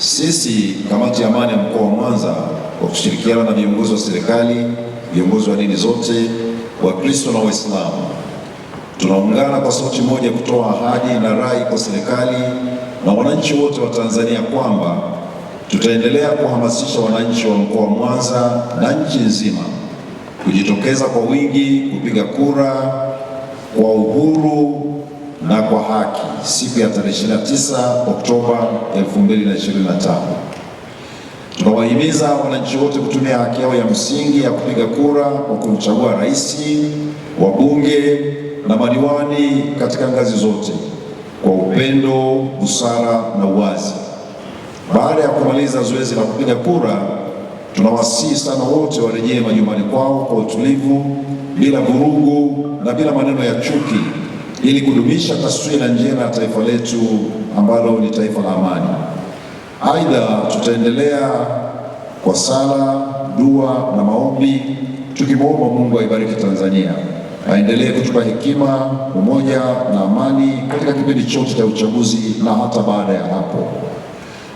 Sisi kamati ya amani ya mkoa wa Mwanza kwa kushirikiana na viongozi wa serikali, viongozi wa dini zote, Wakristo na Waislamu, tunaungana kwa sauti moja kutoa ahadi na rai kwa serikali na wananchi wote wa Tanzania kwamba tutaendelea kuhamasisha wananchi wa mkoa wa Mwanza na nchi nzima kujitokeza kwa wingi kupiga kura kwa uhuru na kwa haki siku ya tarehe 29 Oktoba 2025. Tunawahimiza wananchi wote kutumia haki yao ya msingi ya kupiga kura kwa kumchagua rais, wabunge na madiwani katika ngazi zote kwa upendo, busara na uwazi. Baada ya kumaliza zoezi la kupiga kura, tunawasihi sana wote warejee majumbani kwao kwa utulivu, bila vurugu na bila maneno ya chuki ili kudumisha taswira njema ya taifa letu ambalo ni taifa la amani. Aidha, tutaendelea kwa sala, dua na maombi tukimwomba Mungu aibariki Tanzania, aendelee kutupa hekima, umoja na amani katika kipindi chote cha uchaguzi na hata baada ya hapo.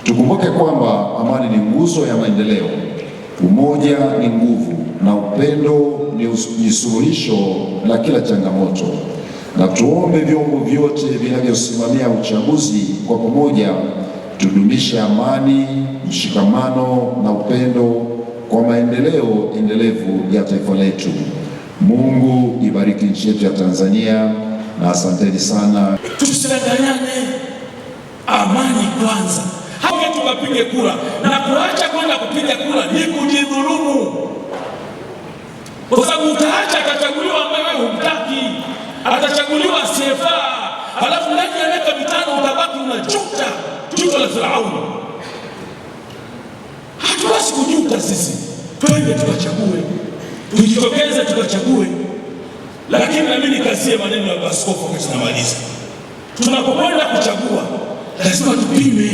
Tukumbuke kwamba amani ni nguzo ya maendeleo, umoja ni nguvu na upendo ni suluhisho la kila changamoto na tuombe vyombo vyote vinavyosimamia uchaguzi, kwa pamoja tudumishe amani, mshikamano na upendo kwa maendeleo endelevu ya taifa letu. Mungu ibariki nchi yetu ya Tanzania na asanteni sana. Tusidanganyane, amani kwanza. Hapo tukapige kura na kuacha kwenda kupiga kura ni kujidhulumu, kwa sababu utaacha akachaguliwa ukachaguliwa asiyefaa, halafu ndani ya miaka mitano utabaki unajuta juto la Firauni. Hatuwezi kujuta sisi, twende tukachague, tujitokeze tukachague. Lakini nami nikasie maneno ya baskofu wakati namaliza, tunapokwenda kuchagua lazima tupime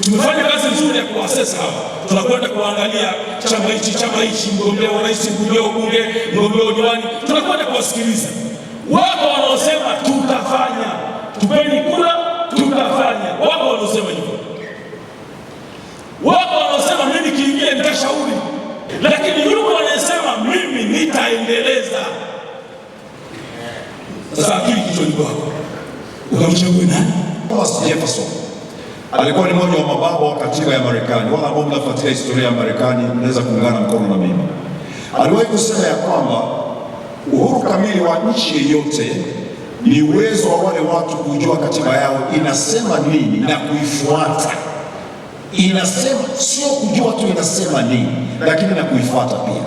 tumefanya kazi nzuri ya kuwasesa hawa, tunakwenda kuangalia chama hichi chama hichi, mgombea wa rais, mgombea wa bunge, mgombea wa diwani, tunakwenda kuwasikiliza. Wako wanaosema tutafanya, tupeni kura, tutafanya. Wako wanaosema hivyo, wako wanaosema mimi nikiingia nitashauri, lakini yuko anayesema mimi nitaendeleza. Sasa akili kichwani kwako, ukamchagua nani? Thomas Jefferson alikuwa ni mmoja wa mababa wa katiba ya Marekani. Wala ambao mnafuatilia historia ya Marekani mnaweza kuungana mkono na mimi. Aliwahi kusema ya kwamba Uhuru kamili wa nchi yeyote ni uwezo wa wale watu kujua katiba yao inasema nini na kuifuata. Inasema sio kujua tu inasema nini, lakini na kuifuata pia.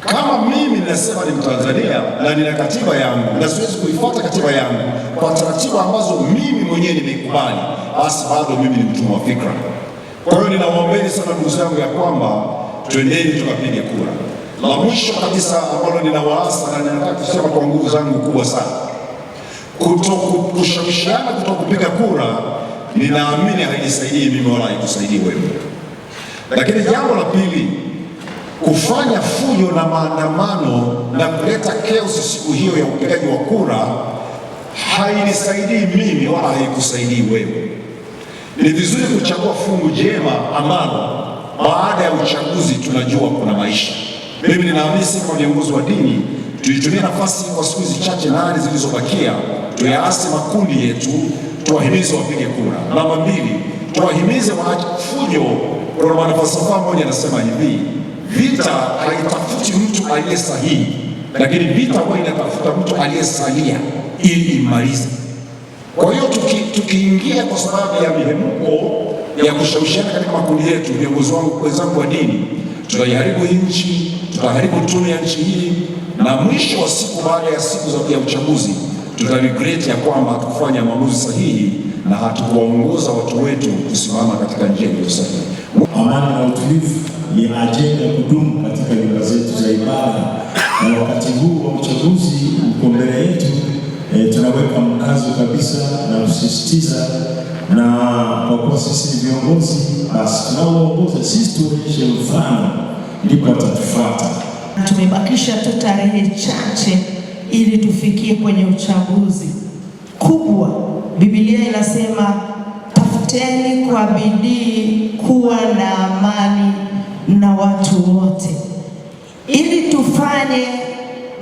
Kama mimi ninasema ni Mtanzania na nina katiba yangu na siwezi kuifuata katiba yangu kwa taratibu ambazo mimi mwenyewe nimeikubali, basi bado mimi ni mtumwa wa fikra. Kwa hiyo ninawaombeni sana ndugu zangu ya kwamba twendeni tukapige kura. La mwisho kabisa ambalo ninawaasa na ninataka kusema kwa nguvu zangu kubwa sana, kushawishiana kuto kupiga kura, ninaamini haijisaidii mimi wala haikusaidii wewe. Lakini jambo la pili, kufanya fujo na maandamano na kuleta keosi siku hiyo ya upigaji wa kura hainisaidii mimi wala haikusaidii wewe. Ni vizuri kuchagua fungu jema ambalo baada ya uchaguzi tunajua kuna maisha mimi ninaamini kwa viongozi wa dini tuitumie nafasi kwa siku chache nane zilizobakia, tuyaase makundi yetu, tuwahimize wapige kura. Namba mbili, tuwahimize waache fujo. Kuna mwanafalsafa mmoja anasema hivi, vita haitafuti mtu aliye sahihi, lakini vita huwa inatafuta mtu aliyesalia ili imalize. Kwa hiyo tukiingia tuki kwa sababu ya mihemko ya kushawishiana katika makundi yetu, viongozi wangu wenzangu wa dini, tunaiharibu nchi tutaharibu tunu ya nchi hii, na mwisho wa siku, baada ya siku za uchaguzi, regret ya kwamba hatukufanya maamuzi sahihi na hatukuwaongoza watu wetu kusimama katika njia iliyo sahihi. Amani na utulivu ni ajenda ya kudumu katika nyumba zetu za ibada, na wakati huu wa uchaguzi uko mbele yetu. E, tunaweka mkazo kabisa na kusisitiza, na kwa kuwa sisi ni viongozi, basi tunaoongoza sisi tuonyeshe mfano ndipo atatufuata. Tumebakisha tu tarehe chache ili tufikie kwenye uchaguzi kubwa. Biblia inasema tafuteni kwa bidii kuwa na amani na watu wote, ili tufanye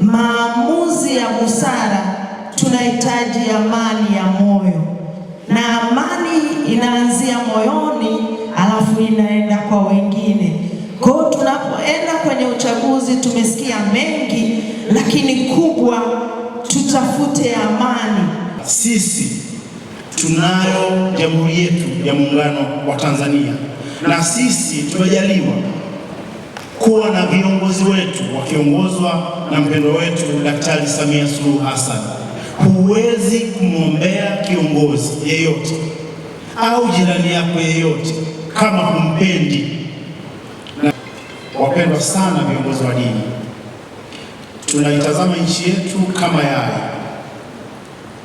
maamuzi ya busara tunahitaji amani ya moyo, na amani inaanzia moyoni, alafu inaenda kwa wengine tunapoenda kwenye uchaguzi, tumesikia mengi, lakini kubwa, tutafute amani. Sisi tunayo jamhuri yetu ya muungano wa Tanzania, na sisi tumejaliwa kuwa na viongozi wetu wakiongozwa na mpendwa wetu Daktari Samia Suluhu Hassan. Huwezi kumwombea kiongozi yeyote au jirani yako yeyote kama humpendi. Wapendwa sana viongozi wa dini, tunaitazama nchi yetu kama yai,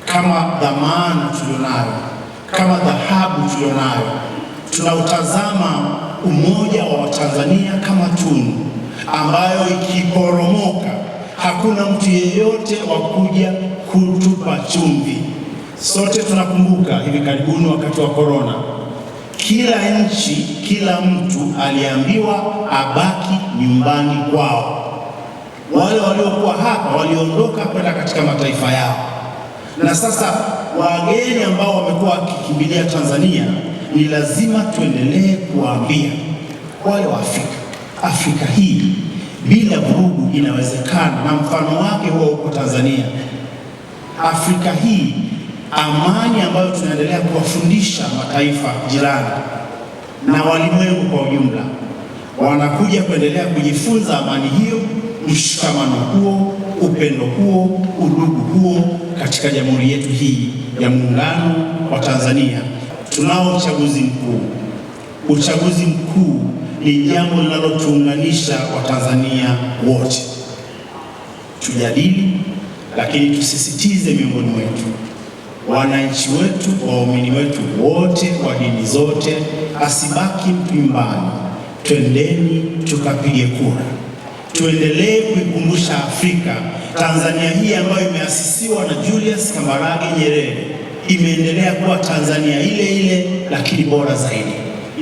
kama dhamana tulionayo, kama dhahabu tulionayo. Tunautazama umoja wa Watanzania kama tunu ambayo ikiporomoka hakuna mtu yeyote wa kuja kutupa chumvi. Sote tunakumbuka hivi karibuni wakati wa korona kila nchi, kila mtu aliambiwa abaki nyumbani kwao. Wale waliokuwa hapa waliondoka kwenda katika mataifa yao, na sasa wageni ambao wamekuwa wakikimbilia Tanzania ni lazima tuendelee kuwaambia wale wa Afrika, Afrika hii bila vurugu inawezekana, na mfano wake huo huko Tanzania. Afrika hii amani ambayo tunaendelea kuwafundisha mataifa jirani na walimwengu kwa ujumla, wanakuja kuendelea kujifunza amani hiyo, mshikamano huo, upendo huo, udugu huo katika jamhuri yetu hii ya muungano wa Tanzania. Tunao uchaguzi mkuu. Uchaguzi mkuu ni jambo linalotuunganisha Watanzania wote, tujadili, lakini tusisitize miongoni mwetu wananchi wetu, waumini wetu wote wa dini zote, asibaki mpimbani. Twendeni tukapige kura, tuendelee kuikumbusha Afrika Tanzania hii ambayo imeasisiwa na Julius Kambarage Nyerere imeendelea kuwa Tanzania ile ile, lakini bora zaidi,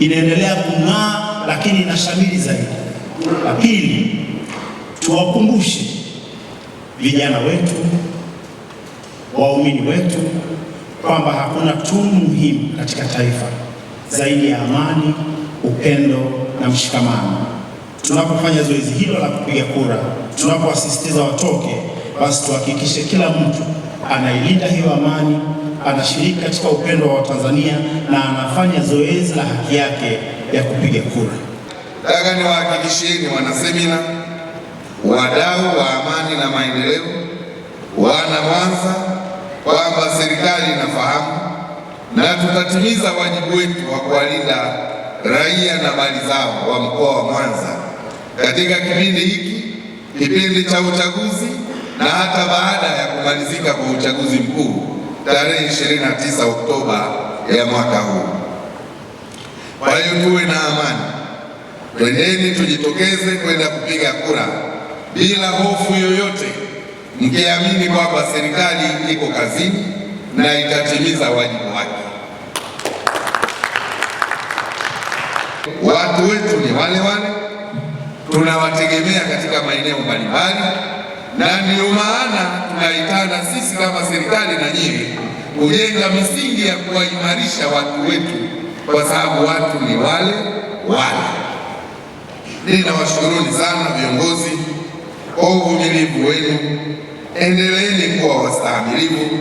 inaendelea kung'aa, lakini inashamiri zaidi. La pili, tuwakumbushe vijana wetu waumini wetu kwamba hakuna tunu muhimu katika taifa zaidi ya amani, upendo na mshikamano. Tunapofanya zoezi hilo la kupiga kura, tunapowasisitiza watoke, basi tuhakikishe kila mtu anailinda hiyo amani, anashiriki katika upendo wa Watanzania na anafanya zoezi la haki yake ya kupiga kura. Nataka niwahakikishieni wanasemina, wadau wa amani na maendeleo, wana Mwanza kwamba serikali inafahamu na tutatimiza wajibu wetu wa kuwalinda raia na mali zao wa mkoa wa Mwanza katika kipindi hiki, kipindi cha uchaguzi na hata baada ya kumalizika kwa uchaguzi mkuu tarehe 29 Oktoba ya mwaka huu. Kwa hiyo tuwe na amani, twendeni tujitokeze kwenda kupiga kura bila hofu yoyote mkiamini kwamba serikali iko kazini na itatimiza wajibu wake. Watu wetu ni wale wale, tunawategemea katika maeneo mbalimbali, na ndiyo maana tunaitana sisi kama serikali na nyinyi kujenga misingi ya kuwaimarisha watu wetu, kwa sababu watu ni wale wale. Ninawashukuruni sana viongozi kwa uvumilivu wenu. Endeleeni kuwa wastaamilivu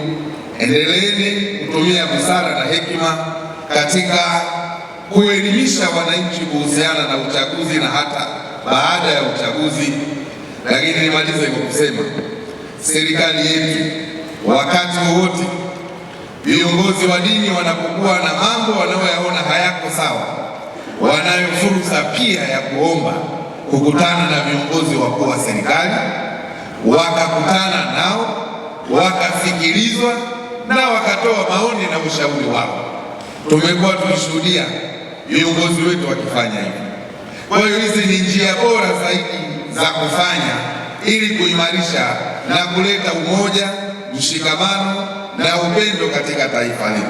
endeleeni kutumia busara na hekima katika kuelimisha wananchi kuhusiana na uchaguzi na hata baada ya uchaguzi. Lakini nimalize kwa kusema serikali yetu wakati wowote viongozi wa dini wanapokuwa na mambo wanayoyaona hayako sawa, wanayo fursa pia ya kuomba kukutana na viongozi wakuu wa serikali, wakakutana nao, wakasikilizwa na wakatoa maoni na ushauri wao. Tumekuwa tukishuhudia viongozi wetu wakifanya hivyo. Kwa hiyo hizi ni njia bora zaidi za kufanya ili kuimarisha na kuleta umoja, mshikamano na upendo katika taifa letu.